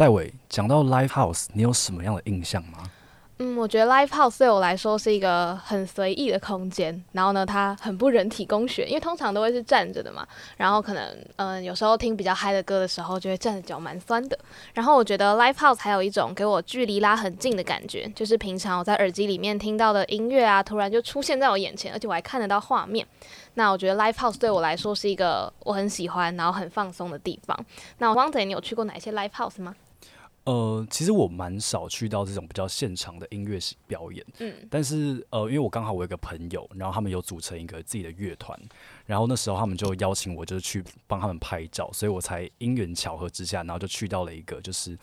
戴偉講到 live house，你有什麼樣的印象嗎？嗯，我覺得 live house 對我來說是一個很隨意的空間。然後呢，它很不人體工學，因為通常都會是站着的嘛。然後可能，嗯、呃，有時候聽比較嗨的歌的時候，就會站着腳蠻酸的。然後我覺得 live house 還有一種給我距離拉很近的感覺，就是平常我在耳機裡面聽到的音樂啊，突然就出現在我眼前，而且我還看得到畫面。那我覺得 live house 對我來說是一個我很喜歡，然後很放鬆的地方。那汪仔，你有去過哪一些 live house 嗎？呃，其實我蠻少去到這種比較現場的音樂表演，嗯、但是呃，因為我剛好我有一個朋友，然後他們有組成一個自己的樂團，然後那時候他們就邀請我，就是去幫他們拍照，所以我才因緣巧合之下，然後就去到了一個就是，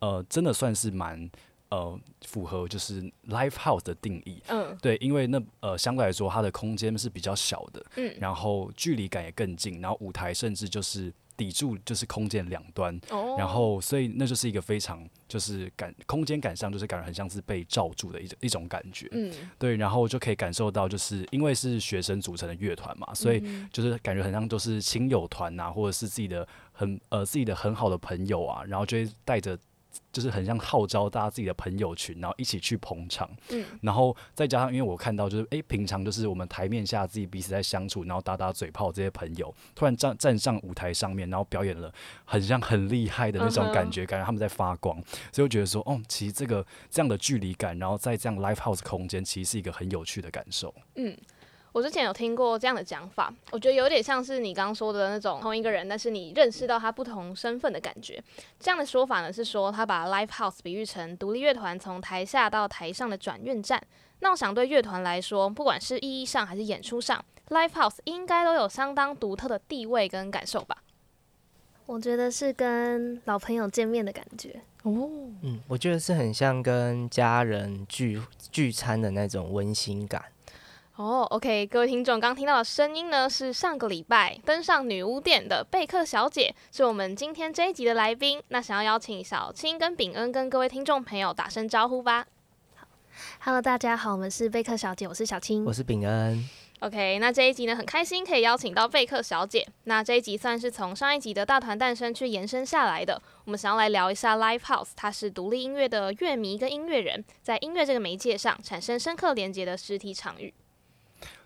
呃，真的算是蠻呃符合就是 Livehouse 的定義，嗯、對，因為那呃相對來說它的空間是比較小的，嗯、然後距離感也更近，然後舞台甚至就是。抵住就是空間兩端，Oh. 然後所以那就是一個非常就是感空間感上就是感覺很像是被罩住的一一種感覺，嗯，Mm. 對，然後就可以感受到就是因為是學生組成的樂團嘛，所以就是感覺很像都是親友團吶、啊，Mm-hmm. 或者是自己的很呃自己的很好的朋友啊，然後就會帶着。就是很像號召大家自己的朋友群，然後一起去捧場。嗯，然後再加上，因為我看到就是，誒，平常就是我們台面下自己彼此在相處，然後打打嘴炮這些朋友，突然站站上舞台上面，然後表演了，很像很厲害的那種感覺，感覺、uh huh. 感覺他們在發光，所以我覺得說，哦，其實這個這樣的距離感，然後在這樣 live house 空間，其實是一個很有趣的感受。嗯。我之前有聽過這樣的講法，我覺得有點像是你剛剛說的那種同一個人，但是你認識到他不同身份的感覺。這樣的說法呢，是說他把 Live House 比喻成獨立樂團從台下到台上的轉運站。那我想對樂團來說，不管是意義上還是演出上，Live House 應該都有相當獨特的地位跟感受吧？我覺得是跟老朋友見面的感覺。哦，嗯，我覺得是很像跟家人聚聚餐的那種溫馨感。哦，OK，各位聽眾，剛聽到的聲音呢，是上個禮拜登上女巫店的貝克小姐，是我們今天這一集的來賓。那想要邀請小青跟秉恩跟各位聽眾朋友打聲招呼吧。好，Hello，大家好，我們是貝克小姐，我是小青，我是秉恩。OK，那這一集呢，很開心可以邀請到貝克小姐。那這一集算是從上一集的大團誕生去延伸下來的，我們想要來聊一下 Live House，它是獨立音樂的樂迷跟音樂人在音樂這個媒介上產生深刻連接的實體場域。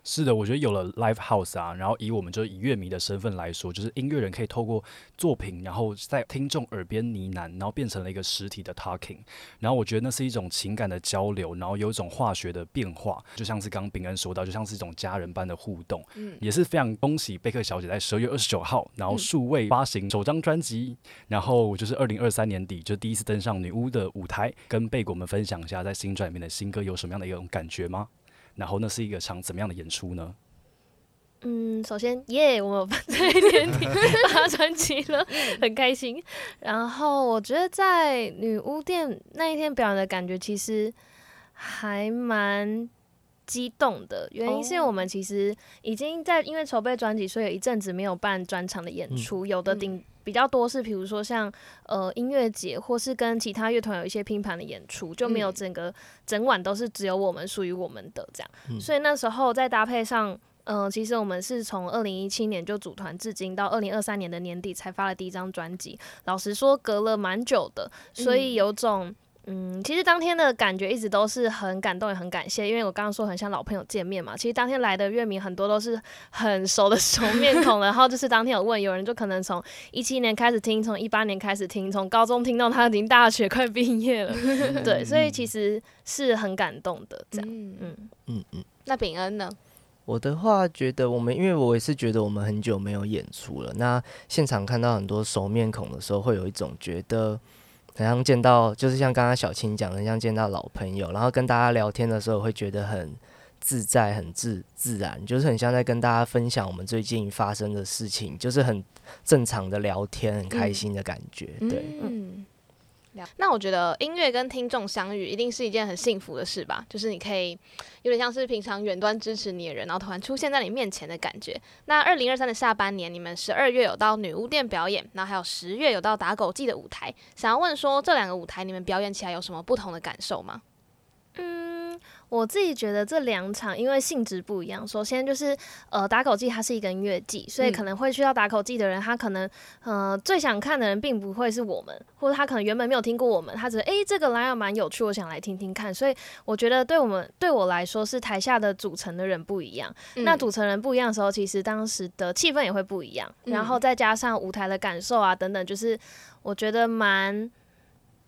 是的，我覺得有了 Live House 啊，然後以我們就是以樂迷的身份來說，就是音樂人可以透過作品，然後在聽眾耳邊呢喃，然後變成了一個實體的 talking，然後我覺得那是一種情感的交流，然後有一種化學的變化，就像是剛餅乾說到，就像是一種家人般的互動，嗯，也是非常恭喜貝克小姐在十二月二十九號，然後數位發行首張專輯，嗯、然後就是二零二三年底，就第一次登上女巫的舞台，跟貝果們分享一下在新專輯裡面的新歌有什麼樣的一種感覺嗎？然後那是一個場怎麼樣的演出呢？嗯，首先耶，yeah, 我們這一天聽 發專輯了，很開心。然後我覺得在女巫店那一天表演的感覺其實還蠻激動的，原因是因為我們其實已經在因為籌備專輯，所以有一陣子沒有辦專場的演出，嗯、有的定。嗯比較多是，比如說像呃音樂節，或是跟其他樂團有一些拼盤的演出，就沒有整個、嗯、整晚都是只有我們屬於我們的這樣。嗯、所以那時候再搭配上，嗯、呃，其實我們是從二零一七年就組團，至今到二零二三年的年底才發了第一張專輯。老實說，隔了蠻久的，所以有種。嗯嗯，其實當天的感覺一直都是很感動，也很感謝，因為我剛剛說很像老朋友見面嘛。其實當天來的樂迷很多都是很熟的熟面孔的，然後就是當天有問有人就可能從一七年開始聽，從一八年開始聽，從高中聽到他已經大學快畢業了，嗯、對，所以其實是很感動的，這樣。嗯嗯嗯嗯。嗯嗯，那秉恩呢？我的話覺得我們，因為我也是覺得我們很久沒有演出了，那現場看到很多熟面孔的時候，會有一種覺得。很像見到，就是像剛剛小青講的，很像見到老朋友。然後跟大家聊天的時候，會覺得很自在、很自自然，就是很像在跟大家分享我們最近發生的事情，就是很正常的聊天，很開心的感覺。嗯、對。嗯嗯那我覺得音樂跟聽眾相遇，一定是一件很幸福的事吧？就是你可以有點像是平常遠端支持你的人，然後突然出現在你面前的感覺。那二零二三的下半年，你們十二月有到女巫店表演，然後還有十月有到打狗祭的舞台，想要問說這兩個舞台你們表演起來有什麼不同的感受嗎？嗯，我自己覺得這兩場因為性質不一樣，首先就是呃打口技它是一個音樂祭，所以可能會去到打口技的人，嗯、他可能呃最想看的人並不會是我們，或者他可能原本沒有聽過我們，他覺得誒，這個 line up 蠻有趣，我想來聽聽看。所以我覺得對我們、對我來說是台下的組成的人不一樣，嗯、那組成人不一樣的時候，其實當時的氣氛也會不一樣，然後再加上舞台的感受啊等等，就是我覺得蠻。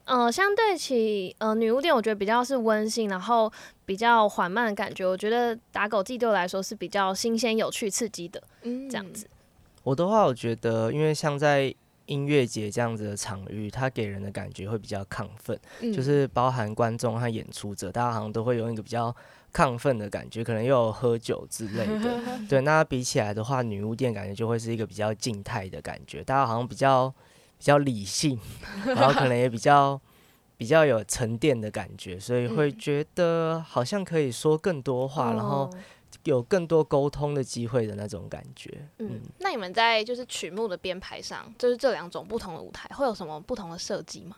呃，相對起呃女巫店，我覺得比較是溫馨，然後比較緩慢的感覺。我覺得打狗祭對我來說是比較新鮮、有趣、刺激的這樣子。嗯、我的話，我覺得因為像在音樂節這樣子的場域，它給人的感覺會比較亢奮，就是包含觀眾和演出者，嗯、大家好像都會有一個比較亢奮的感覺，可能又有喝酒之類的。 對，那比起來的話，女巫店感覺就會是一個比較靜態的感覺，大家好像比較。比較理性，然後可能也比較 比較有沉澱的感覺，所以會覺得好像可以說更多話，嗯、然後有更多溝通的機會的那種感覺。嗯，嗯，那你們在就是曲目的編排上，就是這兩種不同的舞台，會有什麼不同的設計嗎？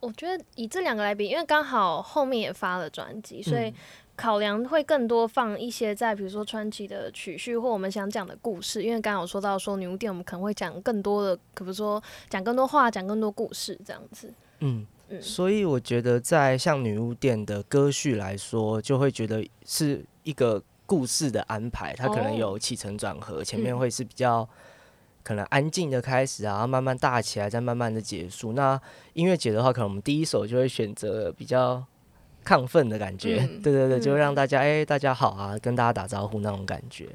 我覺得以這兩個來比，因為剛好後面也發了專輯，所以考量會更多放一些在比如說專輯的曲序或我們想講的故事。因為剛剛有說到說女巫店，我們可能會講更多的，比如說講更多話，講更多故事這樣子。嗯嗯，所以我覺得在像女巫店的歌序來說，就會覺得是一個故事的安排，它可能有起承轉合，哦、前面會是比較。可能安靜的開始啊，然後慢慢大起來，再慢慢的結束。那音樂節的話，可能我們第一首就會選擇比較亢奮的感覺。嗯、 對對對，就讓大家哎、嗯欸，大家好啊，跟大家打招呼那種感覺。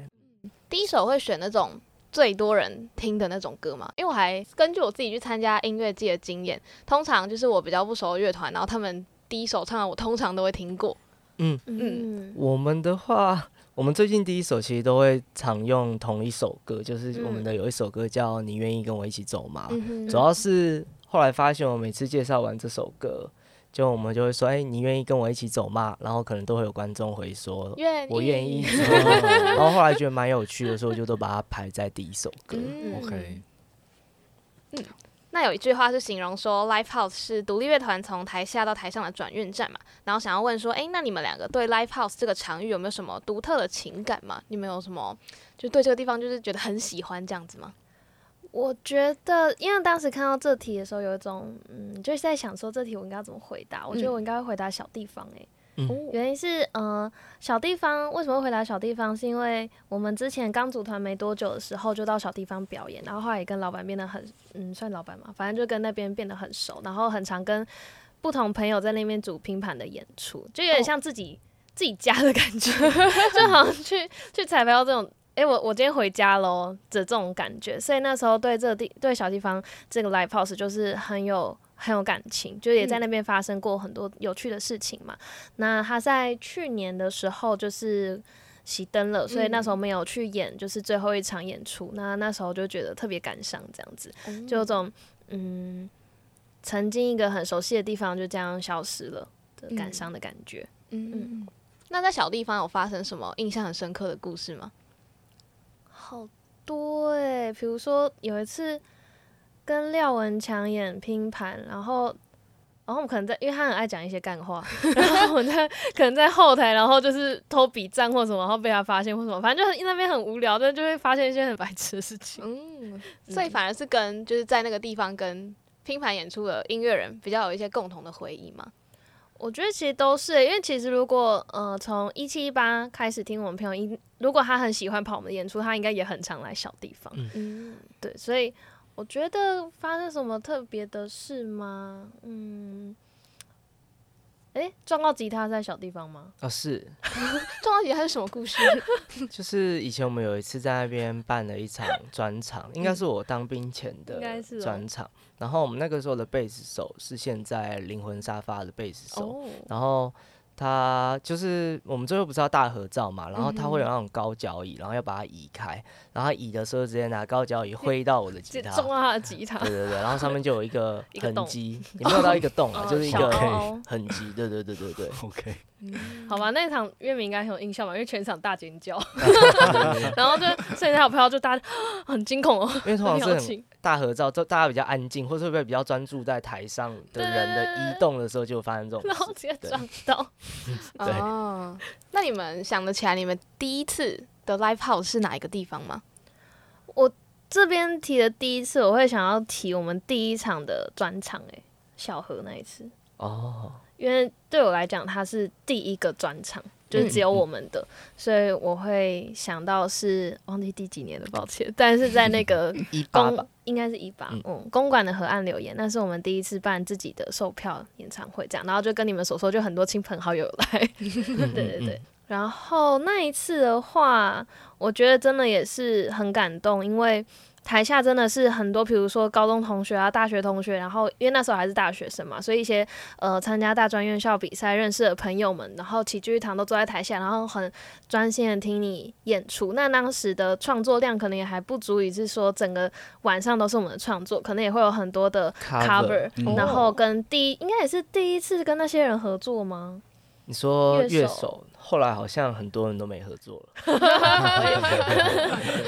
第一首會選那種最多人聽的那種歌嗎？因為我還根據我自己去參加音樂節的經驗，通常就是我比較不熟的樂團，然後他們第一首唱完，我通常都會聽過。嗯嗯，嗯我們的話。我們最近第一首其實都會常用同一首歌，就是我們的有一首歌叫《你願意跟我一起走嗎》。嗯、哼哼主要是後來發現，我每次介紹完這首歌，就我們就會說：“哎，你願意跟我一起走嗎？”然後可能都會有觀眾回說：“願意我願意走。” 然後後來覺得蠻有趣的，所以我就都把它排在第一首歌。嗯、OK、嗯。那有一句話是形容說，Livehouse 是獨立樂團從台下到台上的轉運站嘛。然後想要問說，哎、欸，那你們兩個對 Livehouse 這個場域有沒有什麼獨特的情感嗎？你們有什麼就對這個地方就是覺得很喜歡這樣子嗎？我覺得，因為當時看到這題的時候，有一種嗯，就是在想說這題我應該怎麼回答。我覺得我應該會回答小地方誒、欸。嗯嗯、原因是，呃，小地方為什麼會回來小地方？是因為我們之前剛組團沒多久的時候，就到小地方表演，然後後來也跟老闆變得很，嗯，算老闆嘛，反正就跟那邊變得很熟，然後很常跟不同朋友在那邊組拼盤的演出，就有點像自己、哦、自己家的感覺， 就好像去 去彩排這種，哎、欸，我我今天回家咯的這種感覺，所以那時候對這地對小地方這個 Live House 就是很有。很有感情，就也在那邊發生過很多有趣的事情嘛。嗯、那他在去年的時候就是熄燈了，所以那時候沒有去演，就是最後一場演出。那那時候就覺得特別感傷，這樣子、嗯、就有種嗯，曾經一個很熟悉的地方就這樣消失了的感傷的感覺。嗯，嗯那在小地方有發生什麼印象很深刻的故事嗎？好多哎、欸，比如說有一次。跟廖文強演拼盤，然後，然後我們可能在，因為他很愛講一些幹話， 然後我們在可能在後台，然後就是偷比讚或什麼，然後被他發現或什麼，反正就是那邊很無聊，但就，就會發現一些很白痴的事情。嗯，所以反而是跟就是在那個地方跟拼盤演出的音樂人比較有一些共同的回憶嘛。嗯、我覺得其實都是、欸、因為其實如果呃從一七一八開始聽我們朋友音，如果他很喜歡跑我們的演出，他應該也很常來小地方。嗯，對，所以。我覺得發生什麼特別的事嗎？嗯，哎、欸，撞到吉他在小地方嗎？啊、哦，是 撞到吉他是什麼故事？ 就是以前我們有一次在那邊辦了一場專場，嗯、應該是我當兵前的專場。啊、然後我們那個時候的貝斯手是現在靈魂沙發的貝斯手，oh、然後他就是我們最後不是要大合照嘛，然後他會有那種高腳椅，然後要把它移開，然後椅的時候直接拿高腳椅揮到我的吉他，撞他的吉他。對對對，然後上面就有一個痕跡，你沒有到一個洞啊，就是一個痕跡。對對對對對，OK。好吧，那一場樂迷應該很有印象吧？因為全場大尖叫，然後就所以，他朋友就大很驚恐哦。因為通常是很大合照，就大家比較安靜，或者會不會比較專注在台上的人的移動的時候，就有發生這種。那我直接轉到。對。那你們想得起來，你們第一次？的 live house 是哪一個地方嗎？我這邊提的第一次，我會想要提我們第一場的專場，誒，小河那一次哦，因為對我來講，它是第一個專場，就是、只有我們的，嗯嗯、所以我會想到是忘記第幾年了，抱歉，但是在那個公， 一八吧應該是一八，嗯，嗯公館的河岸留言，那是我們第一次辦自己的售票演唱會，這樣，然後就跟你們所說，就很多親朋好友來，嗯、 對，對對對。然後那一次的話，我覺得真的也是很感動，因為台下真的是很多，比如說高中同學啊、大學同學，然後因為那時候還是大學生嘛，所以一些呃參加大專院校比賽認識的朋友們，然後齊聚一堂都坐在台下，然後很專心的聽你演出。那當時的創作量可能也還不足以是說整個晚上都是我們的創作，可能也會有很多的 cover，cover、嗯。然後跟第一、哦、應該也是第一次跟那些人合作嗎？你說樂手。樂手。後來好像很多人都沒合作了。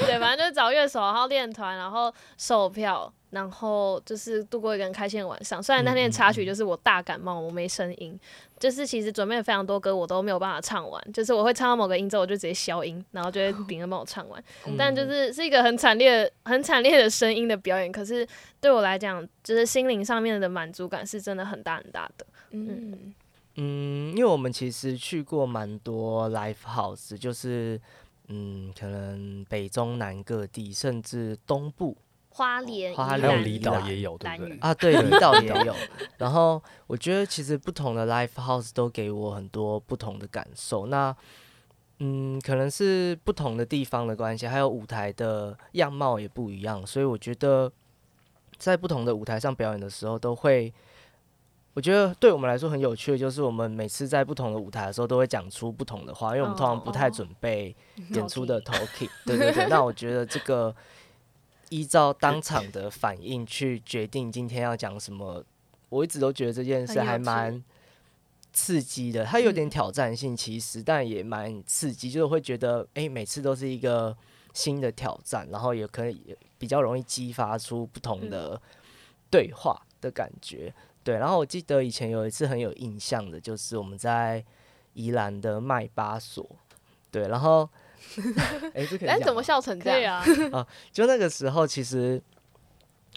對，反正就是找樂手，然後練團，然後售票，然後就是度過一個開心的晚上。雖然那天插曲就是我大感冒，我沒聲音，嗯、就是其實準備了非常多歌，我都沒有辦法唱完。就是我會唱到某個音之後，我就直接消音，然後就會頂着幫我唱完。嗯、但就是是一個很慘烈、很慘烈的聲音的表演。可是對我來講，就是心靈上面的滿足感是真的很大很大的。嗯。嗯嗯，因為我們其實去過蠻多 Livehouse，就是嗯，可能北中南各地，甚至東部花蓮、花蓮還有離島也有，對不對？啊，對，離島也有。 然後我覺得其實不同的 Livehouse 都給我很多不同的感受。那嗯，可能是不同的地方的關係，還有舞台的樣貌也不一樣，所以我覺得在不同的舞台上表演的時候都會。我覺得對我們來說很有趣的就是，我們每次在不同的舞台的時候，都會講出不同的話，因為我們通常不太準備演出的 topic，對對對。 那我覺得這個依照當場的反應去決定今天要講什麼，我一直都覺得這件事還蠻刺激的，有它有點挑戰性，其實，嗯、但也蠻刺激，就是會覺得哎，每次都是一個新的挑戰，然後也可以比較容易激發出不同的對話的感覺。嗯對，然後我記得以前有一次很有印象的，就是我們在宜蘭的麥巴索。對，然後哎， 這哎怎麼笑成這樣啊？啊，就那個時候，其實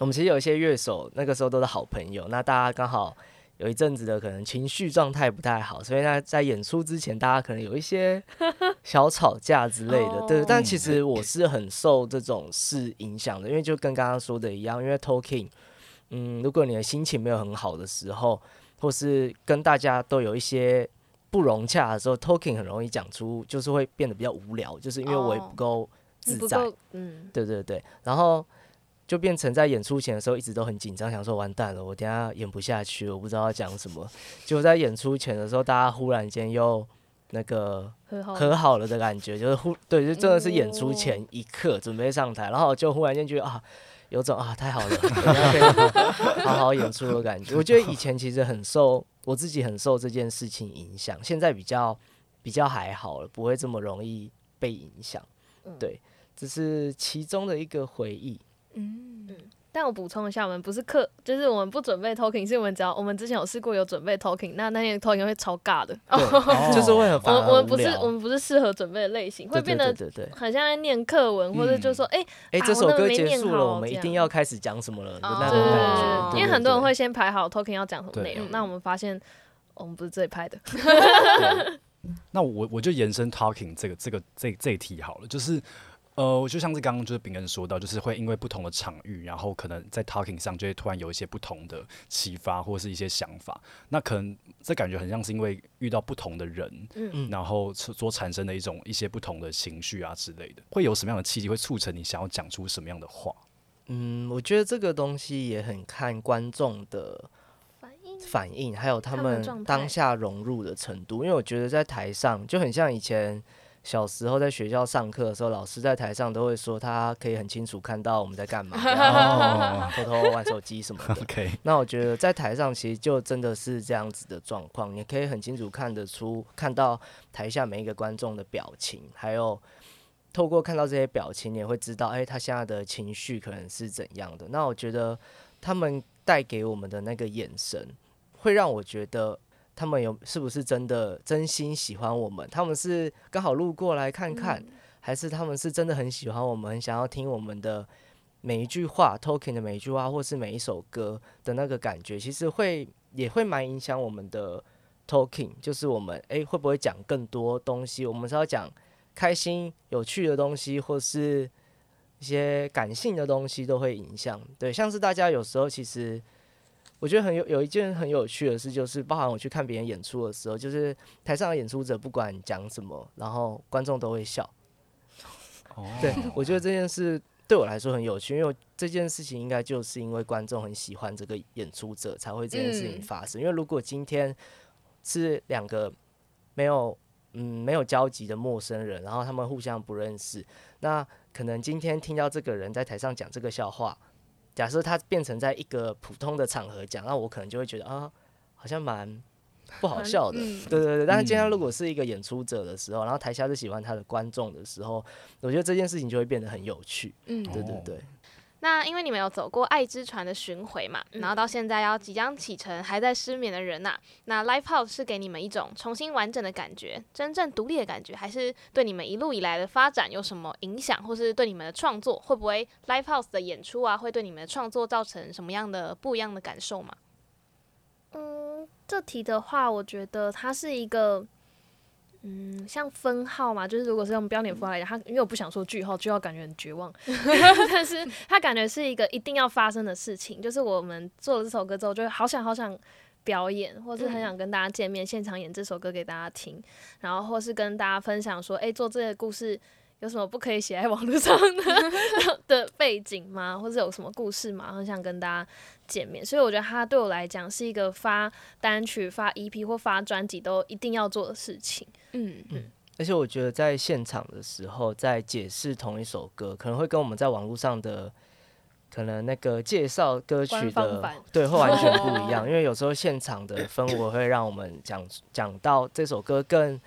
我們其實有一些樂手，那個時候都是好朋友。那大家剛好有一陣子的可能情緒狀態不太好，所以呢，在演出之前，大家可能有一些小吵架之類的。 對，但其實我是很受這種事影響的，因為就跟剛剛說的一樣，因為 Talking 嗯，如果你的心情沒有很好的時候，或是跟大家都有一些不融洽的時候，Talking 很容易講出，就是會變得比較無聊，就是因為我也不夠自在，哦、嗯，對對對。然後就變成在演出前的時候一直都很緊張，想說完蛋了，我等下演不下去，我不知道要講什麼。就 在演出前的時候，大家忽然間又那個和好了的感覺，就是忽對，就真的是演出前一刻準備上台，嗯、然後就忽然間覺得啊。有種啊，太好了 對對對，好好演出的感覺。 我覺得以前其實很受我自己，很受這件事情影響。現在比較比較還好了，不會這麼容易被影響。對，這是其中的一個回憶。嗯，嗯但我補充一下，我們不是課，就是我們不準備 talking，是我們只要我們之前有試過有準備 talking，那那天 talking 會超尬的，就是會很煩，我我們不是我們不是適合準備的類型，會變得很像在念課文或者就是說哎哎這首歌結束了，我們一定要開始講什麼了，對，因為很多人會先排好 talking 要講什麼內容，那我們發現我們不是自己拍的，那我我就延伸 talking 這個這個這這一題好了，就是。呃，我就像是剛剛就是炳恩說到，就是會因為不同的場域，然後可能在 talking 上就會突然有一些不同的啟發，或者是一些想法。那可能這感覺很像是因為遇到不同的人，嗯嗯，然後所產生的一種一些不同的情緒啊之類的，會有什麼樣的契機會促成你想要講出什麼樣的話？嗯，我覺得這個東西也很看觀眾的反應，反應還有他們當下融入的程度。因為我覺得在台上就很像以前。小時候在學校上課的時候，老師在台上都會說，他可以很清楚看到我們在幹嘛，然後偷偷玩手機什麼的。 Okay 那我覺得在台上其實就真的是這樣子的狀況，你可以很清楚看得出，看到台下每一個觀眾的表情，還有透過看到這些表情，你也會知道，哎，他現在的情緒可能是怎樣的。那我覺得他們帶給我們的那個眼神，會讓我覺得。他們有是不是真的真心喜歡我們？他們是剛好路過來看看，嗯、還是他們是真的很喜歡我們，想要聽我們的每一句話、talking 的每一句話，或是每一首歌的那個感覺？其實會也會蠻影響我們的 talking，就是我們誒、欸、會不會講更多東西？我們是要講開心、有趣的東西，或是一些感性的東西，都會影響。對，像是大家有時候其實。我覺得很有有一件很有趣的事，就是包含我去看別人演出的時候，就是台上的演出者不管講什麼，然後觀眾都會笑。Oh. 對，我覺得這件事對我來說很有趣，因為這件事情應該就是因為觀眾很喜歡這個演出者，才會這件事情發生。嗯、因為如果今天是兩個沒有嗯沒有交集的陌生人，然後他們互相不認識，那可能今天聽到這個人在台上講這個笑話。假設他變成在一個普通的場合講，那我可能就會覺得啊，好像蠻不好笑的。嗯、對對對，但是今天如果是一個演出者的時候，嗯、然後台下是喜歡他的觀眾的時候，我覺得這件事情就會變得很有趣。嗯，對對對。哦那因為你們有走過《愛之船》的巡迴嘛，嗯、然後到現在要即將啟程，還在失眠的人吶、啊，那 Livehouse 是給你們一種重新完整的感覺，真正獨立的感覺，還是對你們一路以來的發展有什麼影響，或是對你們的創作會不會 Livehouse 的演出啊，會對你們的創作造成什麼樣的不一樣的感受嗎？嗯，這題的話，我覺得它是一個。嗯，像分號嘛，就是如果是用標點符號來講，他、嗯、因為我不想說句號，句號感覺很絕望。 但是它感覺是一個一定要發生的事情，就是我們做了這首歌之後，就好想好想表演，或是很想跟大家見面，嗯、現場演這首歌給大家聽，然後或是跟大家分享說，哎、欸，做這個故事。有什麼不可以寫在網絡上的, 的背景嗎？或者有什麼故事嗎？很想跟大家見面，所以我覺得他對我來講是一個發單曲、發 EP 或發專輯都一定要做的事情。嗯嗯，嗯而且我覺得在現場的時候，在解釋同一首歌，可能會跟我們在網絡上的可能那個介紹歌曲的，對，會完全不一樣， 因為有時候現場的氛圍會讓我們講講 到這首歌更。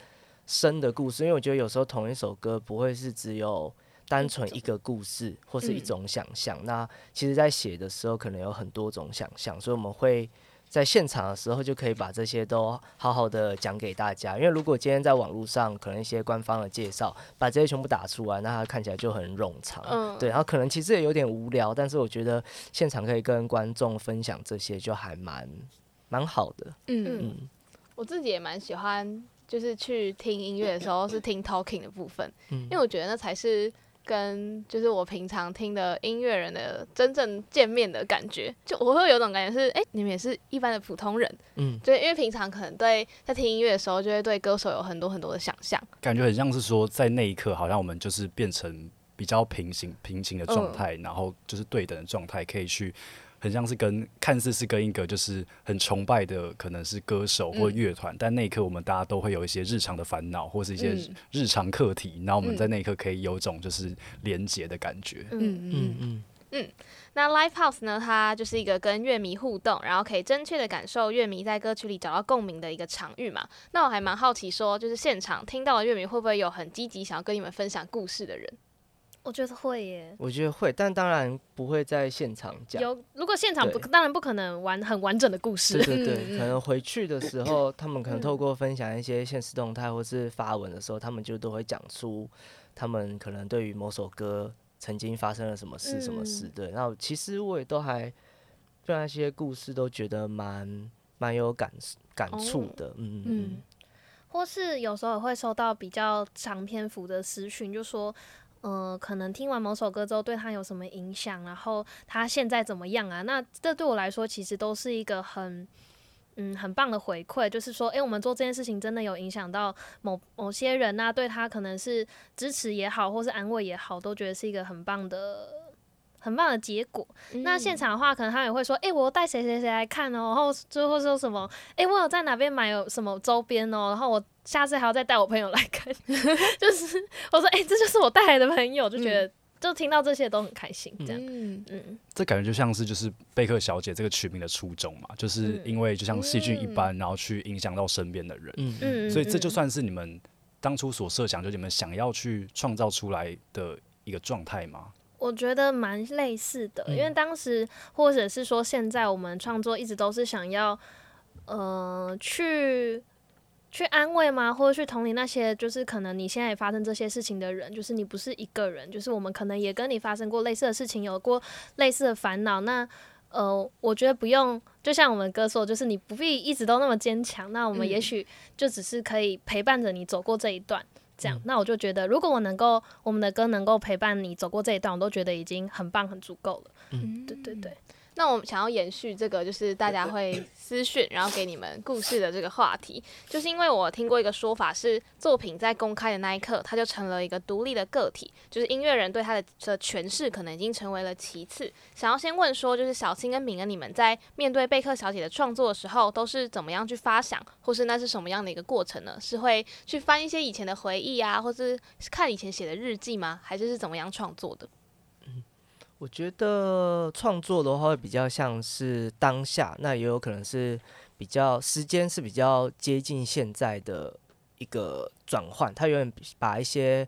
深的故事，因為我覺得有時候同一首歌不會是只有單純一個故事或是一種想象，嗯、那其實在寫的時候可能有很多種想象，所以我們會在現場的時候就可以把這些都好好的講給大家。因為如果今天在網絡上可能一些官方的介紹把這些全部打出來，那它看起來就很冗長，嗯、對，然後可能其實也有點無聊，但是我覺得現場可以跟觀眾分享這些就還蠻蠻好的。嗯，嗯，我自己也蠻喜歡。就是去聽音樂的時候，是聽 talking 的部分，嗯，因為我覺得那才是跟就是我平常聽的音樂人的真正見面的感覺。就我會有種感覺是，哎、欸，你們也是一般的普通人，嗯，對，因為平常可能對在聽音樂的時候，就會對歌手有很多很多的想象，感覺很像是說，在那一刻，好像我們就是變成比較平行、平行的狀態，嗯，然後就是對等的狀態，可以去。很像是跟看似是跟一個就是很崇拜的可能是歌手或樂團，嗯、但那一刻我們大家都會有一些日常的煩惱或是一些日常課題，嗯、然後我們在那一刻可以有種就是連結的感覺。嗯嗯嗯嗯，嗯。那 Live House 呢？它就是一個跟樂迷互動，然後可以真切的感受樂迷在歌曲裡找到共鳴的一個場域嘛。那我還蠻好奇說，說就是現場聽到了樂迷會不會有很積極想要跟你們分享故事的人？我覺得會耶，我覺得會，但當然不會在現場講。有，如果現場不，對當然不可能玩很完整的故事。對對對，嗯、可能回去的時候，嗯、他們可能透過分享一些現實動態，或是發文的時候，嗯、他們就都會講出他們可能對於某首歌曾經發生了什麼事、什麼事。嗯、對，然後其實我也都還對那些故事都覺得蠻蠻有感感觸的。嗯嗯，嗯嗯或是有時候也會收到比較長篇幅的私訊，就說。呃，可能聽完某首歌之後對他有什麼影響，然後他現在怎麼樣啊？那這對我來說其實都是一個很，嗯，很棒的回饋，就是說，誒、欸，我們做這件事情真的有影響到某某些人吶、啊，對他可能是支持也好，或是安慰也好，都覺得是一個很棒的。很棒的結果。嗯、那現場的話，可能他也會說：“哎、欸，我帶誰誰誰來看哦。”然後最後說什麼：“哎、欸，我有在哪邊買有什麼周邊哦？”然後我下次還要再帶我朋友來看。 就是我說：“哎、欸，這就是我帶來的朋友。”就覺得、嗯、就聽到這些都很開心。這樣，嗯，嗯這感覺就像是就是貝克小姐這個取名的初衷嘛，就是因為就像細菌一般，嗯、然後去影響到身邊的人。嗯嗯。所以這就算是你們當初所設想，就是、你們想要去創造出來的一個狀態嗎？我覺得蠻類似的，因為當時或者是說現在，我們創作一直都是想要，呃，去去安慰嗎？或者去同理那些就是可能你現在也發生這些事情的人，就是你不是一個人，就是我們可能也跟你發生過類似的事情，有過類似的煩惱。那呃，我覺得不用，就像我們哥說，就是你不必一直都那麼堅強，那我們也許就只是可以陪伴着你走過這一段。嗯這樣，那我就覺得，如果我能夠，我們的歌能夠陪伴你走過這一段，我都覺得已經很棒、很足夠了。嗯，對對對。那我們想要延續這個，就是大家會私訊，然後給你們故事的這個話題，就是因為我聽過一個說法，是作品在公開的那一刻，它就成了一個獨立的個體，就是音樂人對它的詮釋可能已經成為了其次。想要先問說，就是小青跟敏恩你們在面對貝克小姐的創作的時候，都是怎麼樣去發想，或是那是什麼樣的一個過程呢？是會去翻一些以前的回憶啊，或是看以前寫的日記嗎？還是是怎麼樣創作的？我覺得創作的話會比較像是當下，那也有可能是比較時間是比較接近現在的一個轉換。他永遠把一些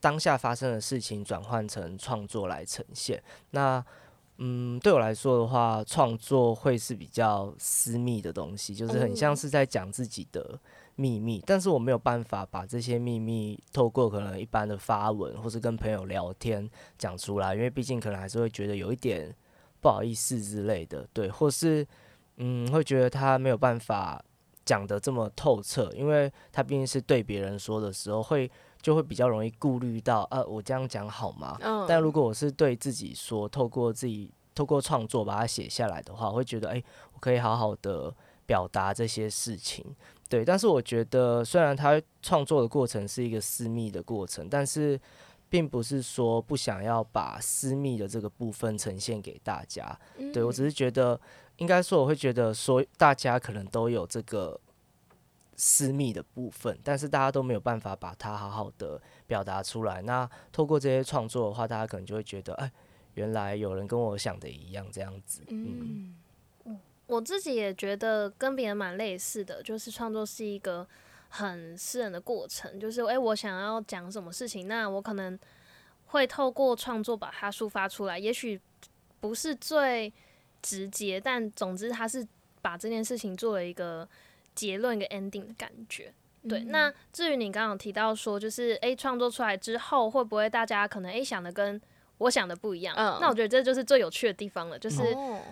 當下發生的事情轉換成創作來呈現。那嗯，對我來說的話，創作會是比較私密的東西，就是很像是在講自己的。嗯秘密，但是我沒有辦法把這些秘密透過可能一般的發文或是跟朋友聊天講出來，因為畢竟可能還是會覺得有一點不好意思之類的，對，或是嗯，會覺得他沒有辦法講得這麼透徹，因為他畢竟是對別人說的時候，會就會比較容易顧慮到，啊。我這樣講好嗎？Oh. 但如果我是對自己說，透過自己透過創作把它寫下來的話，會覺得，哎、欸，我可以好好的表達這些事情。對，但是我覺得，雖然他創作的過程是一個私密的過程，但是並不是說不想要把私密的這個部分呈現給大家。嗯、對，我只是覺得，應該說我會覺得，大家可能都有這個私密的部分，但是大家都沒有辦法把它好好的表達出來。那透過這些創作的話，大家可能就會覺得，哎，原來有人跟我想的一樣，這樣子。嗯。嗯我自己也覺得跟別人蠻類似的，就是創作是一個很私人的過程，就是誒、欸，我想要講什麼事情，那我可能會透過創作把它抒發出來，也許不是最直接，但總之它是把這件事情做了一個結論、一個 ending 的感覺。對。嗯、那至於你剛剛提到說，就是誒，欸、創作出來之後會不會大家可能誒、欸、想的跟我想的不一樣？呃、那我覺得這就是最有趣的地方了，就是。哦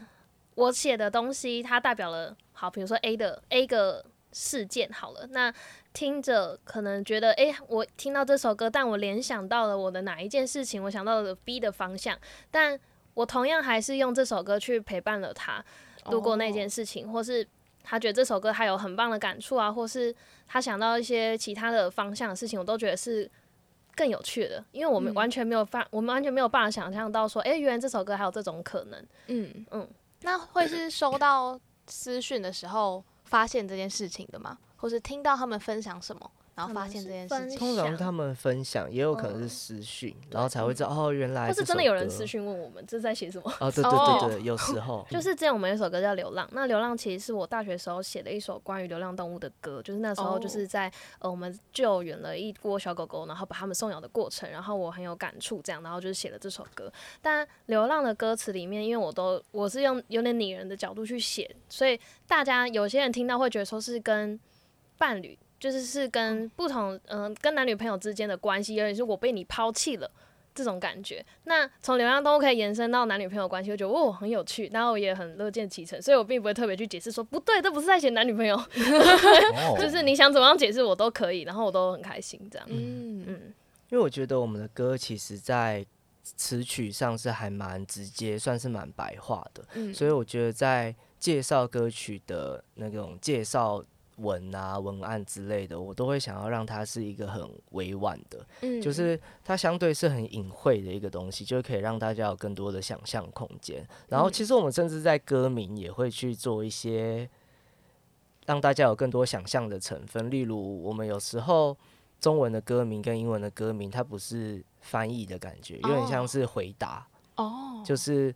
我寫的東西，它代表了好，比如說 A 的 A 個事件好了，那聽者可能覺得哎、欸，我聽到這首歌，但我聯想到了我的哪一件事情，我想到了 B 的方向，但我同樣還是用這首歌去陪伴了他度過那件事情，哦、或是他覺得這首歌還有很棒的感觸啊，或是他想到一些其他的方向的事情，我都覺得是更有趣的，因為我們完全沒有發，嗯、我們完全沒有辦法想象到說，哎、欸，原來這首歌還有這種可能，嗯嗯。那會是收到私訊的時候發現這件事情的嗎？或是聽到他們分享什麼？然後發現這件事情，通常他們分享，也有可能是私訊，哦、然後才會知道對哦，原來或是真的有人私訊問我們，這是在寫什麼？哦，對對對對，哦、有時候 就是之前我們有首歌叫《流浪》，那《流浪》其實是我大學時候寫的一首關於流浪動物的歌，就是那時候就是在、哦、呃，我們救援了一窩小狗狗，然後把他們送養的過程，然後我很有感觸，這樣，然後就是寫了這首歌。但《流浪》的歌詞裡面，因為我都我是用有點擬人的角度去寫，所以大家有些人聽到會覺得說是跟伴侶。就是是跟不同嗯、呃、跟男女朋友之間的關係，而且是我被你拋棄了這種感覺。那從流浪動物可以延伸到男女朋友的關係，我覺得哦很有趣，然後我也很樂見其成，所以我並不會特別去解釋說不對，這不是在寫男女朋友，哦、 就是你想怎麼樣解釋我都可以，然後我都很開心這樣。嗯，嗯因為我覺得我們的歌其實在詞曲上是還蠻直接，算是蠻白話的，嗯、所以我覺得在介紹歌曲的那種介紹。文啊，文案之類的，我都會想要讓它是一個很委婉的，嗯，就是它相對是很隱晦的一個東西，就可以讓大家有更多的想象空間。然後，其實我們甚至在歌名也會去做一些讓大家有更多想象的成分。例如，我們有時候中文的歌名跟英文的歌名，它不是翻譯的感覺，有點像是回答哦，就是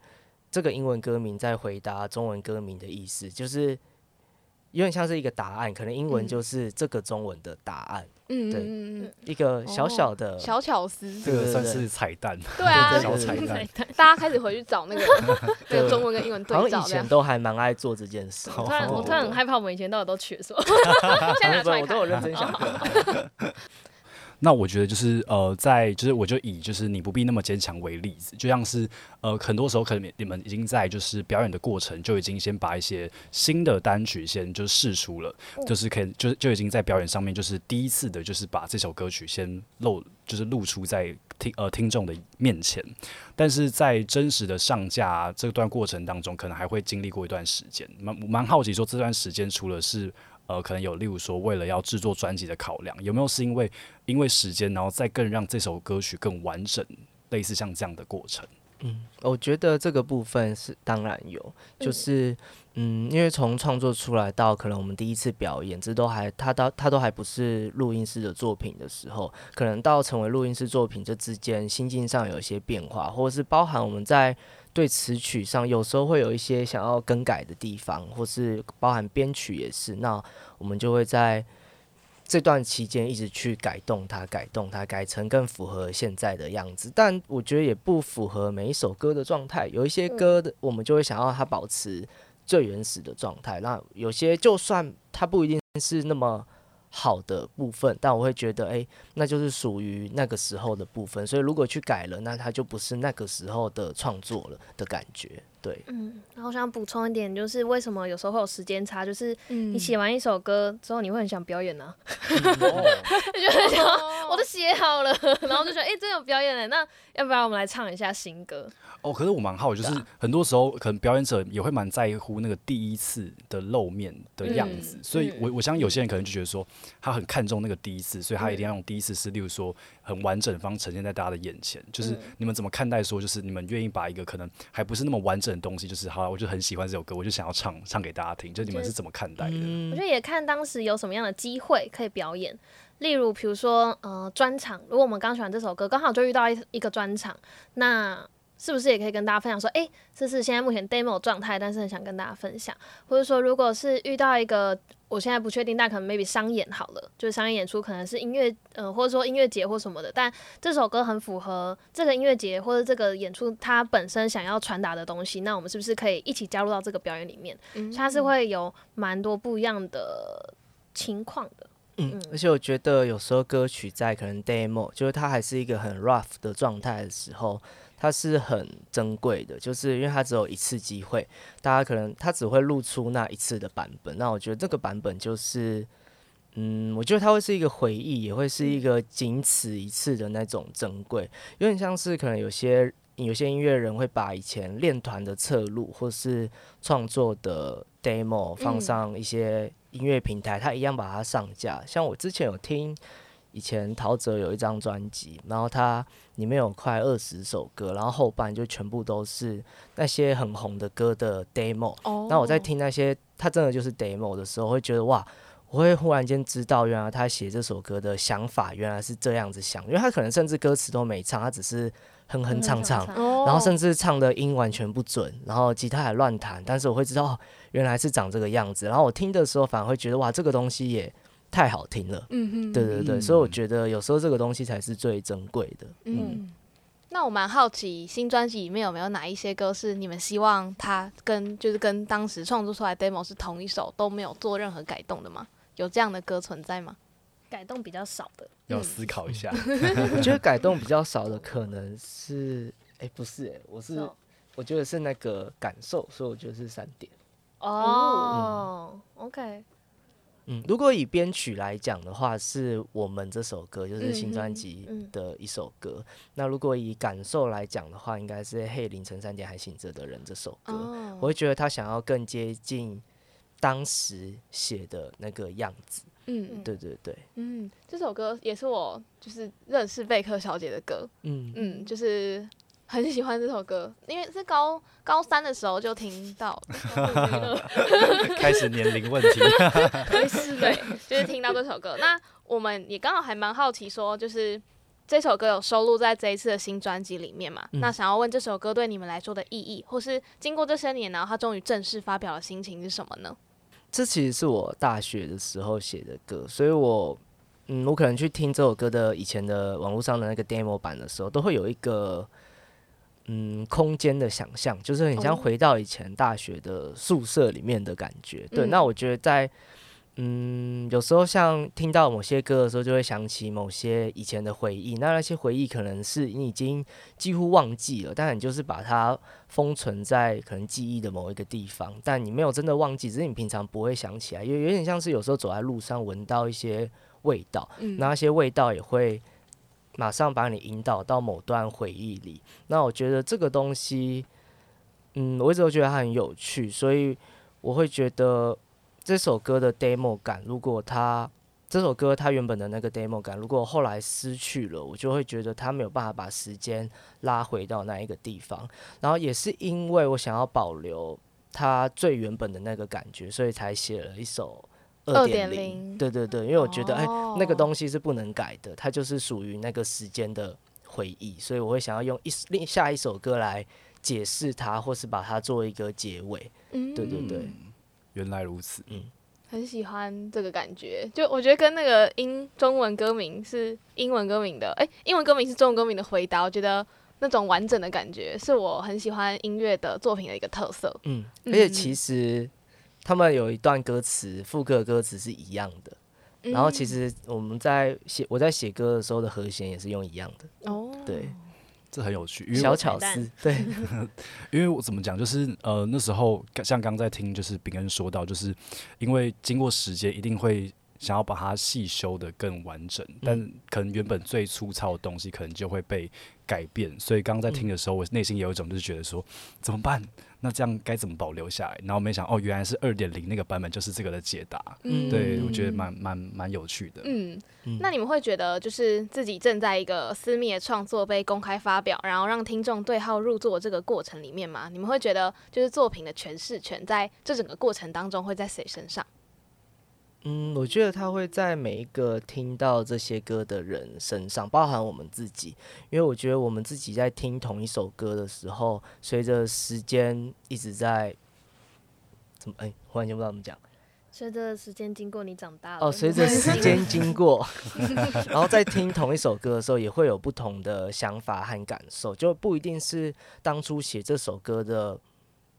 這個英文歌名在回答中文歌名的意思，就是。有點像是一個答案，可能英文就是這個中文的答案。嗯，對，一個小小的，小巧思，這個算是彩蛋，對啊，小彩蛋。大家開始回去找那個中文跟英文對照。好像以前都還蠻愛做這件事。突然，我突然很害怕，我們以前到底都缺什麼？我都有認真想。那我覺得就是呃，在就是我就以就是你不必那麼堅強為例子，就像是呃，很多時候可能你們已經在就是表演的過程就已經先把一些新的單曲先就釋出了，嗯、就是可以就就已經在表演上面就是第一次的就是把這首歌曲先露就是露出在聽呃聽眾的面前，但是在真實的上架、啊、這段過程當中，可能還會經歷過一段時間，蠻蠻好奇說這段時間除了是。呃，可能有，例如說，為了要制作專輯的考量，有沒有是因為因為時間，然後再更讓這首歌曲更完整，類似像這樣的過程？嗯，我覺得這個部分是當然有，就是嗯，因為從創作出來到可能我們第一次表演，這都還它到他都還不是錄音室的作品的時候，可能到成為錄音室作品這之間心境上有一些變化，或者是包含我們在。對詞曲上有時候會有一些想要更改的地方，或是包含編曲也是。那我們就會在這段期間一直去改動它，改動它，改成更符合現在的樣子。但我覺得也不符合每一首歌的狀態。有一些歌的，我們就會想要它保持最原始的狀態。那有些就算它不一定是那麼。好的部分，但我會覺得，哎、欸，那就是屬於那個時候的部分。所以如果去改了，那它就不是那個時候的創作了的感覺。對，嗯，然後我想補充一點，就是為什麼有時候會有時間差？就是你寫完一首歌之後，你會很想表演呢？我都寫好了，哦、 然後就說：‘哎、欸，真有表演了，欸。’那要不然我們來唱一下新歌哦。可是我蠻好，就是很多時候可能表演者也會蠻在乎那個第一次的露面的樣子，嗯，所以我我相信有些人可能就覺得說，他很看重那個第一次，所以他一定要用第一次是，例如說很完整的方式呈現在大家的眼前。就是你們怎麼看待說，就是你們願意把一個可能還不是那麼完整的東西，就是好了，我就很喜歡這首歌，我就想要唱唱給大家聽。就你們是怎麼看待的？我覺得也看當時有什麼樣的機會可以表演。例如，比如說，呃，專場，如果我們剛喜歡這首歌，剛好就遇到一一個專場，那是不是也可以跟大家分享說，哎、欸，這是現在目前 demo 狀態，但是很想跟大家分享。或者說，如果是遇到一個我現在不確定，但可能 maybe 商演好了，就是商業演,演出，可能是音樂，呃，或者說音樂節或什麼的，但這首歌很符合這個音樂節或者這個演出它本身想要傳達的東西，那我們是不是可以一起加入到這個表演裡面？嗯、它是會有蠻多不一樣的情況的。嗯，而且我覺得有時候歌曲在可能 demo，就是它還是一個很 rough 的狀態的時候，它是很珍貴的，就是因為它只有一次機會，大家可能它只會錄出那一次的版本。那我覺得這個版本就是，嗯，我覺得它會是一個回憶，也會是一個僅此一次的那種珍貴，有點像是可能有些有些音樂人會把以前練團的側錄或是創作的 demo 放上一些。音樂平台，他一樣把它上架。像我之前有聽以前陶喆有一張專輯，然後他裡面有快二十首歌，然後後半就全部都是那些很紅的歌的 demo。那我在聽那些他真的就是 demo 的時候，會覺得哇。我會忽然間知道，原來他寫這首歌的想法原來是這樣子想，因為他可能甚至歌詞都沒唱，他只是哼哼唱唱，嗯、然後甚至唱的音完全不準，哦、然後吉他還亂彈，但是我會知道原來是長這個樣子。然後我聽的時候反而會覺得哇，這個東西也太好聽了。嗯嗯哼，對對對，所以我覺得有時候這個東西才是最珍貴的。嗯，嗯，那我蠻好奇新專輯裡面有沒有哪一些歌是你們希望他跟就是跟當時創作出來 demo 是同一首都沒有做任何改動的嗎？有這樣的歌存在嗎？改動比較少的，嗯、要思考一下。 我覺得改動比較少的可能是，哎、欸，不是，欸，我是，oh. 我覺得是那個感受，所以我覺得是三點。哦、oh,，OK，嗯，如果以編曲來講的話，是我們這首歌，就是新專輯的一首歌。 那如果以感受來講的話，應該是《嘿，凌晨三點還醒着的人》這首歌。Oh. 我會覺得他想要更接近當時寫的那個樣子，嗯，對，對對對，嗯，這首歌也是我就是認識貝克小姐的歌，嗯嗯，就是很喜歡這首歌，因為是高高三的時候就聽到，開始年齡問題， 對是的，就是聽到這首歌， 那我們也剛好還蠻好奇，說就是這首歌有收錄在這一次的新專輯裡面嘛？嗯，那想要問這首歌對你們來說的意義，或是經過這些年，然後他終於正式發表的心情是什麼呢？這其實是我大學的時候寫的歌，所以我，嗯，我可能去聽這首歌的以前的網絡上的那個 demo 版的時候，都會有一個，嗯，空間的想象，就是很像回到以前大學的宿舍裡面的感覺。哦、對，嗯、那我覺得在。嗯，有時候像聽到某些歌的時候，就會想起某些以前的回憶。那那些回憶可能是你已經幾乎忘記了，但是你就是把它封存在可能記憶的某一個地方。但你沒有真的忘記，只是你平常不會想起來。也有點像是有時候走在路上聞到一些味道，嗯、那那些味道也會馬上把你引導到某段回憶裡。那我覺得這個東西，嗯，我一直都覺得它很有趣，所以我會覺得。這首歌的 demo 感，如果他這首歌他原本的那個 demo 感，如果後來失去了，我就會覺得他沒有辦法把時間拉回到那一個地方。然後也是因為我想要保留他最原本的那個感覺，所以才寫了一首二點零。對對對，因為我覺得、哦、哎，那個東西是不能改的，它就是屬於那個時間的回憶，所以我會想要用一另下一首歌來解釋它，或是把它作為一個結尾。嗯，對對對。嗯原來如此，嗯，很喜歡這個感覺，就我覺得跟那個英中文歌名、是英文歌名的，哎、欸，英文歌名是中文歌名的回答，我覺得那種完整的感覺，是我很喜歡音樂的作品的一個特色，嗯，而且其實他們有一段歌詞、副歌歌詞是一樣的，嗯、然後其實我們在寫，我在寫歌的時候的和弦也是用一樣的，哦，對。是很有趣，因為小巧思。對， 因為我怎麼講，就是呃，那時候像剛、剛在聽，就是秉恩說到，就是因為經過時間，一定會想要把它細修得更完整，嗯、但可能原本最粗糙的東西，可能就會被改變。所以剛剛在聽的時候，嗯、我內心有一種就是覺得說，怎麼辦？那這樣該怎麼保留下來？然後我們想，哦，原來是二點零那個版本就是這個的解答。嗯、對，我覺得蠻蠻蠻有趣的。嗯，那你們會覺得，就是自己正在一個私密的創作被公開發表，然後讓聽眾對號入座這個過程裡面嗎？你們會覺得，就是作品的詮釋權在這整個過程當中會在誰身上？嗯，我覺得他會在每一個聽到這些歌的人身上，包含我們自己，因為我覺得我們自己在聽同一首歌的時候，隨着時間一直在怎麼哎、欸，我完全不知道怎麼講。隨着時間經過，你長大了哦。隨着時間經過， 然後在聽同一首歌的時候，也會有不同的想法和感受，就不一定是當初寫這首歌的。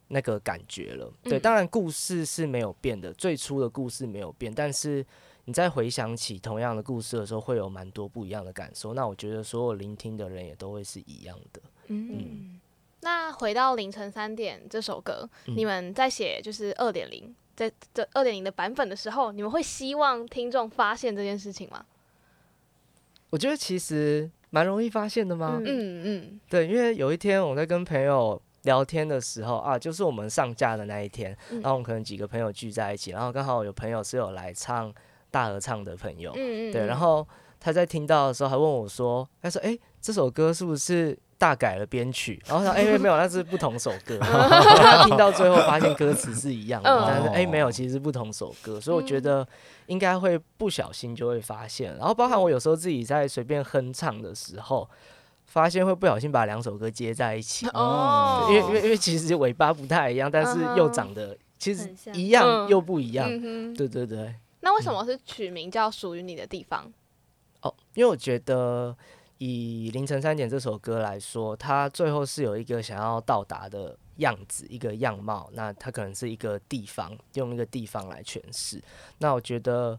那個感覺了，對，當然故事是沒有變的，嗯、最初的故事沒有變，但是你在回想起同樣的故事的時候，會有蠻多不一樣的感受。那我覺得所有聆聽的人也都會是一樣的。嗯，嗯，那回到凌晨三點這首歌，嗯、你們在寫就是二點零在這二點零的版本的時候，你們會希望聽眾發現這件事情嗎？我覺得其實蠻容易發現的嘛。嗯，嗯嗯，對，因為有一天我在跟朋友，聊天的時候啊，就是我們上架的那一天，然後我們可能幾個朋友聚在一起，然後剛好有朋友是有來唱大合唱的朋友，對，然後他在聽到的時候還問我說，他說：“哎，這首歌是不是大改了編曲？”然後他說：“哎，沒有，那是不同首歌。”然後他聽到最後發現歌詞是一樣的，但是哎、欸，沒有，其實是不同首歌，所以我覺得應該會不小心就會發現。然後，包含我有時候自己在隨便哼唱的時候。發現會不小心把兩首歌接在一起哦，因為因為因為其實尾巴不太一樣，但是又長得其實一樣又不一樣，嗯、對，對對對。那為什麼是取名叫《屬於你的地方》嗯？哦，因為我覺得以凌晨三點這首歌來說，它最後是有一個想要到達的樣子，一個樣貌，那它可能是一個地方，用一個地方來詮釋。那我覺得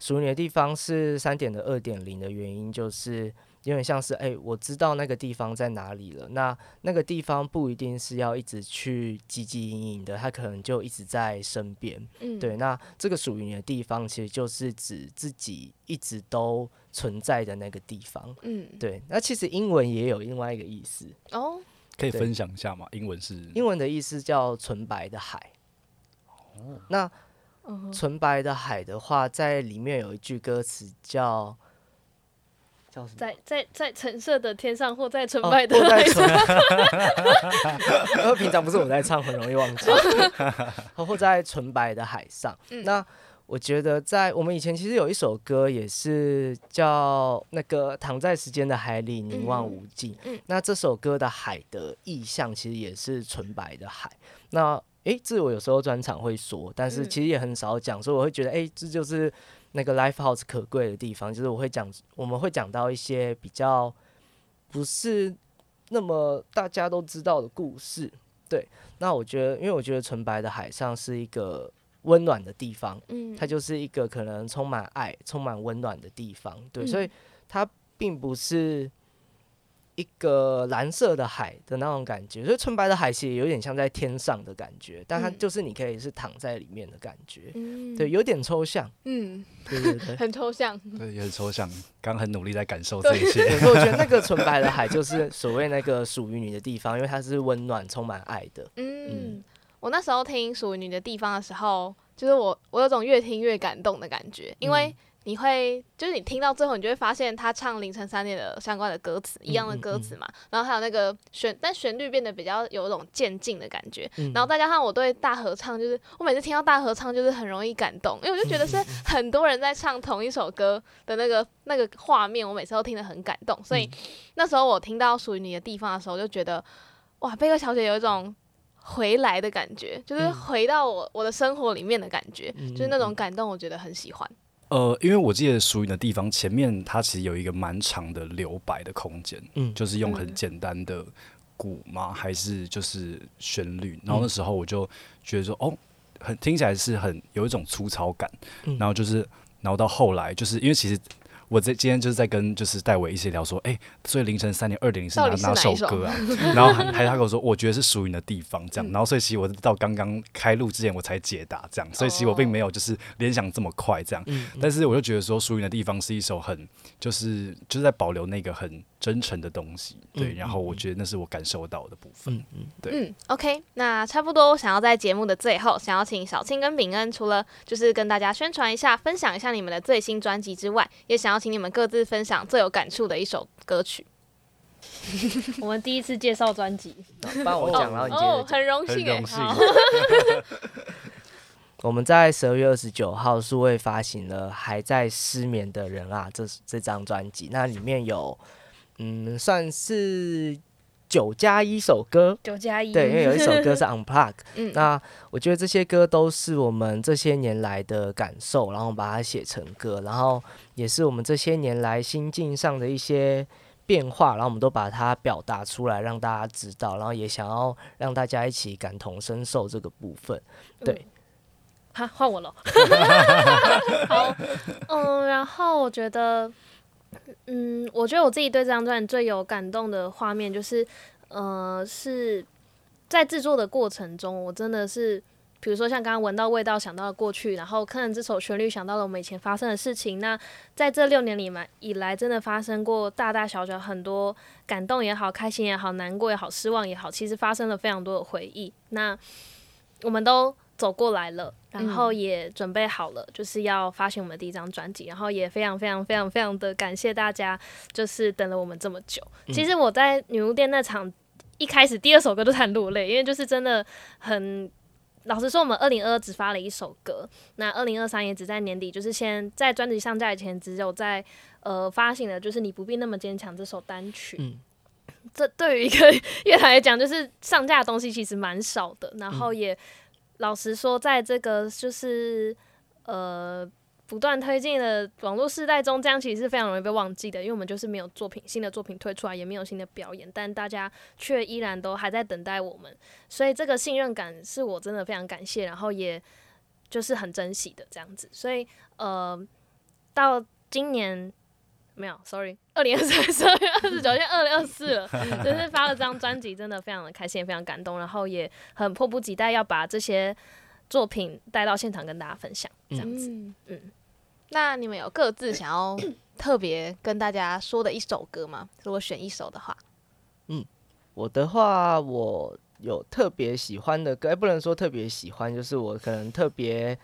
《屬於你的地方》是三點的二點零的原因就是，有點像是，哎、欸，我知道那個地方在哪裡了。那那個地方不一定是要一直去汲汲營營的，它可能就一直在身邊。嗯、對。那這個屬於你的地方，其實就是指自己一直都存在的那個地方。嗯，對。那其實英文也有另外一個意思哦，對可以分享一下嗎？英文是英文的意思叫“純白的海”。哦，那“純白的海”的話，在裡面有一句歌詞叫。在在在橙色的天上，或在純白的海上。平常不是我在唱，很容易忘記。 或在純白的海上，嗯、那我覺得在我們以前其實有一首歌也是叫那個躺在時間的海裡，凝望無盡。嗯。那這首歌的海的意象其實也是純白的海。那哎，這我有時候專場會說，但是其實也很少講，所以我會覺得哎，這就是。那個 Livehouse 可貴的地方，就是我會講，我們會講到一些比較不是那麼大家都知道的故事。對，那我覺得，因為我覺得純白的海上是一個溫暖的地方，嗯、它就是一個可能充滿愛、充滿溫暖的地方。對，嗯、所以它並不是。一個藍色的海的那種感覺，所以純白的海其實也有點像在天上的感覺，但它就是你可以是躺在裡面的感覺，嗯，對，有點抽象，嗯，對，對，對，呵呵，很抽象，對，也很抽象。剛 很努力在感受這一切，所以我覺得那個純白的海就是所謂那個屬於你的地方， 因為它是溫暖、充滿愛的。嗯，嗯，我那時候聽屬於你的地方的時候，就是我我有種越聽越感動的感覺，因為。你會就是你聽到最後，你就會發現他唱凌晨三點的相關的歌詞、嗯、一樣的歌詞嘛，嗯嗯、然後還有那個旋，但旋律變得比較有一種漸進的感覺，嗯、然後再加上我對大合唱，就是我每次聽到大合唱就是很容易感動，因為我就覺得是很多人在唱同一首歌的那個、嗯嗯、那個畫面，我每次都聽得很感動，所以、嗯、那時候我聽到屬於你的地方的時候，就覺得哇，貝克小姐有一種回來的感覺，就是回到我、嗯、我的生活裡面的感覺，嗯、就是那種感動，我覺得很喜歡。呃，因為我記得屬於你的地方前面，它其實有一個蠻長的留白的空間，嗯、就是用很簡單的鼓嘛？嗯、還是就是旋律？然後那時候我就覺得說，嗯、哦，很聽起來是很有一種粗糙感，然後就是，嗯、然後到後來，就是因為其實。我這今天就是在跟就是戴維一起聊說，哎、欸，所以凌晨三點二點零是哪哪首歌啊？ 然後還還他跟我說，我覺得是屬於你的地方這樣。嗯、然後所以其實我到剛剛開錄之前我才解答這樣，所以其實我並沒有就是聯想這麼快這樣。哦、但是我就覺得說，屬於你的地方是一首很就是就是在保留那個很真誠的東西，對。然後我覺得那是我感受到的部分，嗯嗯，對，嗯，OK。那差不多，我想要在節目的最後，想要請小青跟炳恩，除了就是跟大家宣傳一下、分享一下你們的最新專輯之外，也想要。請你們各自分享最有感觸的一首歌曲。 我們第一次介紹專輯，幫、 哦、我講了，然後你介紹、哦哦，很榮幸，幸，很榮幸。 我們在十二月二十九號數位發行了《還在失眠的人啊》這這張專輯，那裡面有嗯，算是。九加一首歌，九加一對，因為 有一首歌是 Unplugged,、嗯《Unplug》。那我覺得這些歌都是我們這些年來的感受，然後把它寫成歌，然後也是我們這些年來心境上的一些變化，然後我們都把它表達出來讓大家知道，然後也想要讓大家一起感同身受這個部分。對，好、嗯，換我了。 好，嗯、呃，然後我覺得。嗯，我覺得我自己對這張專輯最有感動的畫面，就是，呃，是在制作的過程中，我真的是，比如說像剛剛聞到味道想到了過去，然後看了這首旋律想到了我們以前發生的事情。那在這六年裡面以來，真的發生過大大小小很多感動也好，開心也好，難過也好，失望也好，其實發生了非常多的回憶。那我們都走過來了，然後也準備好了，嗯、就是要發行我們的第一張專輯，然後也非常非常非常非常的感謝大家，就是等了我們這麼久。嗯、其實我在女巫店那場一開始第二首歌都很落淚，因為就是真的很老實說，我們二零二只發了一首歌，那二零二三也只在年底，就是先在專輯上架以前，只有在呃發行的就是你不必那麼堅強這首單曲。嗯、這對於一個樂 壇來講，就是上架的東西其實蠻少的，然後也。老實說，在這個就是呃不斷，推進的網絡時代中，這樣其實是非常容易被忘記的，因為我們就是沒有作品，新的作品推出來，也沒有新的表演，但大家卻依然都還在等待我們，所以這個信任感是我真的非常感謝，然後也就是很珍惜的這樣子，所以呃到今年。沒有，sorry，二零二三十二月二十九，現在二零二四了，真 是發了張專輯，真的非常的開心，也非常感動，然後也很迫不及待要把這些作品帶到現場跟大家分享，這樣子。嗯，嗯，那你們有各自想要特別跟大家說的一首歌嗎？如果選一首的話，嗯，我的話，我有特別喜歡的歌，哎、欸，不能說特別喜歡，就是我可能特別。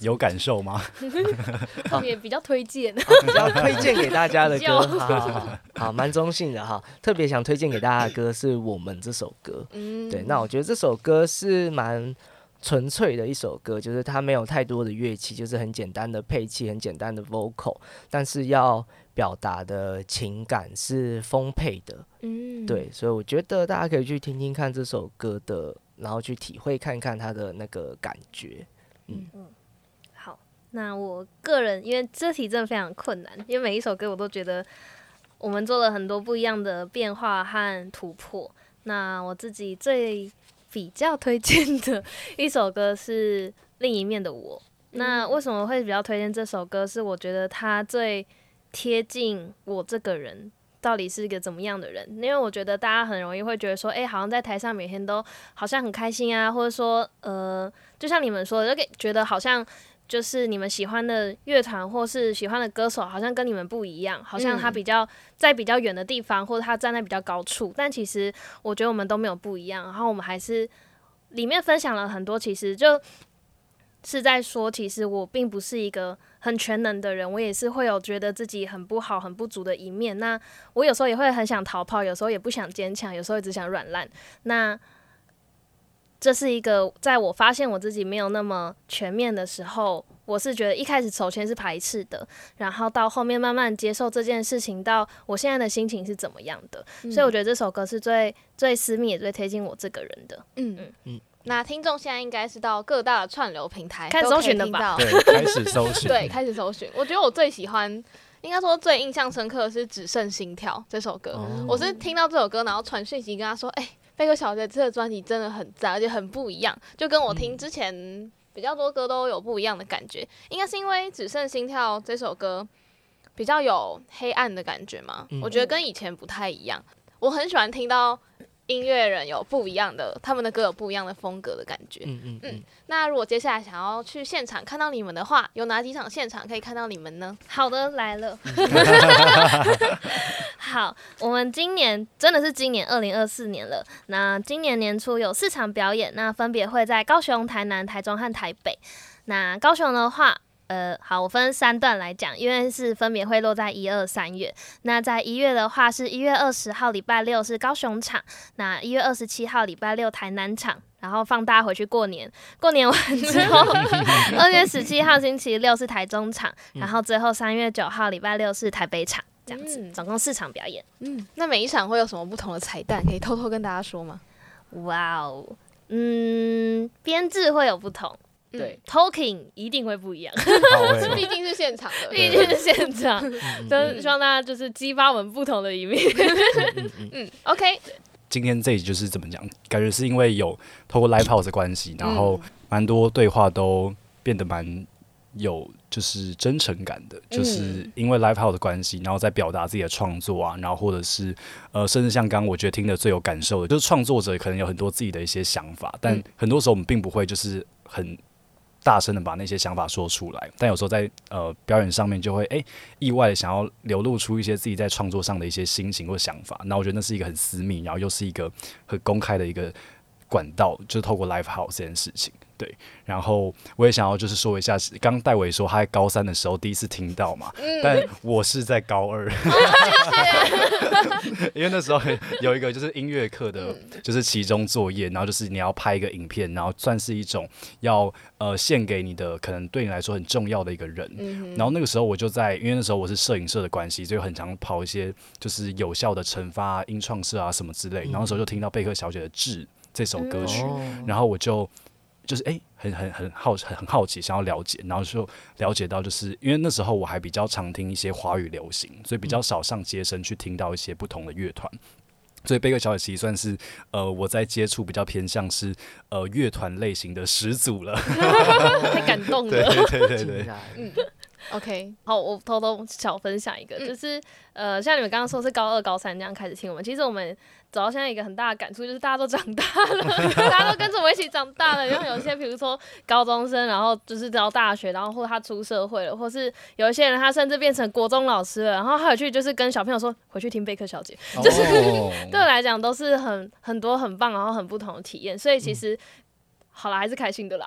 有感受嗎？也 比較推薦、 啊，啊、比較推薦給大家的歌，好， 好，蠻中性的哈。特別想推薦給大家的歌是我們這首歌。嗯，對，那我覺得這首歌是蠻純粹的一首歌，就是它沒有太多的樂器，就是很簡單的配器，很簡單的 vocal，但是要表達的情感是豐沛的。嗯，對，所以我覺得大家可以去聽聽看這首歌的，然後去體會看看它的那個感覺。嗯。嗯那我個人，因為這題真的非常困難，因為每一首歌我都覺得我們做了很多不一樣的變化和突破。那我自己最比較推薦的一首歌是《另一面的我》，嗯。那為什麼會比較推薦這首歌？是我覺得它最貼近我這個人到底是一個怎麼樣的人。因為我覺得大家很容易會覺得說，誒、欸，好像在台上每天都好像很開心啊，或者說，呃，就像你們說的，就給覺得好像。就是你們喜歡的樂團或是喜歡的歌手，好像跟你們不一樣，好像他比較在比較遠的地方，或者他站在比較高處。嗯。但其實我覺得我們都沒有不一樣，然後我們還是裡面分享了很多，其實就是在說，其實我並不是一個很全能的人，我也是會有覺得自己很不好、很不足的一面。那我有時候也會很想逃跑，有時候也不想堅強，有時候也只想軟爛。那這是一個在我發現我自己沒有那麼全面的時候，我是覺得一開始首先是排斥的，然後到後面慢慢接受這件事情，到我現在的心情是怎麼樣的，嗯、所以我覺得這首歌是最最私密也最貼近我這個人的。嗯嗯嗯。嗯，那聽眾現在應該是到各大的串流平台開始搜尋的吧？對，開始搜尋。 對，開始搜尋。 我覺得我最喜歡，應該說最印象深刻的是《只剩心跳》這首歌。嗯、我是聽到這首歌，然後傳訊息跟他說：“哎、欸。”貝克小姐這個專輯真的很讚，而且很不一樣，就跟我聽之前比較多歌都有不一樣的感覺。嗯、應該是因為《只剩心跳》這首歌比較有黑暗的感覺嘛？嗯、我覺得跟以前不太一樣。我很喜歡聽到。音樂人有不一樣的，他們的歌有不一樣的風格的感覺。嗯嗯嗯，嗯。那如果接下來想要去現場看到你們的話，有哪幾場現場可以看到你們呢？好的，來了。好，我們今年真的是今年二零二四年了。那今年年初有四場表演，那分別會在高雄、台南、台中和台北。那高雄的話。呃，好，我分三段來講，因為是分別會落在一、二、三月。那在一月的話，是一月二十號禮拜六是高雄場，那一月二十七號禮拜六台南場，然後放大家回去過年。過年完之後，二 月十七號星期六是台中場，然後最後三月九號禮拜六是台北場，嗯、這樣子，總共四場表演。嗯，那每一場會有什麼不同的彩蛋，可以偷偷跟大家說嗎？哇哦，嗯，編制會有不同。嗯、對，Talking 一定會不一樣，畢竟會是現場的，畢竟是現場，都希望大家就是激發我們不同的一面。嗯，嗯，嗯，嗯，嗯，OK。今天這一集就是怎麼講？感覺是因為有透過 Livehouse 的關係，然後蠻、嗯、多對話都變得蠻有就是真誠感的，就是因為 Livehouse 的關係，然後在表達自己的創作啊，然後或者是呃，甚至像剛剛我覺得聽的最有感受的，就是創作者可能有很多自己的一些想法，但很多時候我們並不會就是很。大聲的把那些想法說出來，但有時候在呃表演上面就會哎意外的想要流露出一些自己在創作上的一些心情或想法，那我覺得那是一個很私密，然後又是一個很公開的一個管道，就是透過 Livehouse 這件事情。對，然後我也想要就是說一下，剛戴偉說他在高三的時候第一次聽到嘛，嗯、但我是在高二， 因為那時候有一個就是音樂課的，就是期中作業，嗯、然後就是你要拍一個影片，然後算是一種要呃獻給你的，可能對你來說很重要的一個人。嗯、然後那個時候我就在，因為那時候我是攝影社的關係，所以很常跑一些就是友校的成發、啊，音創社啊什麼之類，嗯、然後那時候就聽到貝克小姐的《字》這首歌曲，嗯、然後我就。就是哎、欸，很很很好很好奇，想要了解，然後就了解到，就是因為那時候我還比較常聽一些華語流行，所以比較少上街聲去聽到一些不同的樂團，嗯、所以貝克小姐其實算是呃我在接觸比較偏向是呃樂團類型的始祖了， 太感動了，對對對，對，對然嗯。OK，好，我偷偷小分享一個，就是、嗯、呃，像你們剛剛說是高二、高三這樣開始聽我們，其實我們走到現在一個很大的感觸就是，大家都長大了， 大家都跟着我一起長大了。 然後有些，比如說高中生，然後就是到大學，然後或他出社會了，或是有一些人他甚至變成國中老師了，然後他回去就是跟小朋友說回去聽貝克小姐，哦、就是對我來講都是很很多很棒，然後很不同的體驗。所以其實。嗯好啦，還是開心的啦，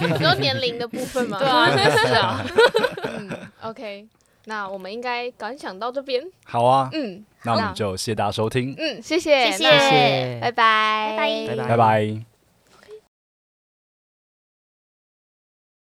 很多 年齡的部分嘛， 對啊，是啊， 嗯，OK，那我們應該感想到這邊，好啊，嗯，好那我們就謝謝大家收聽，嗯，謝謝，謝謝，拜拜，拜拜，拜拜。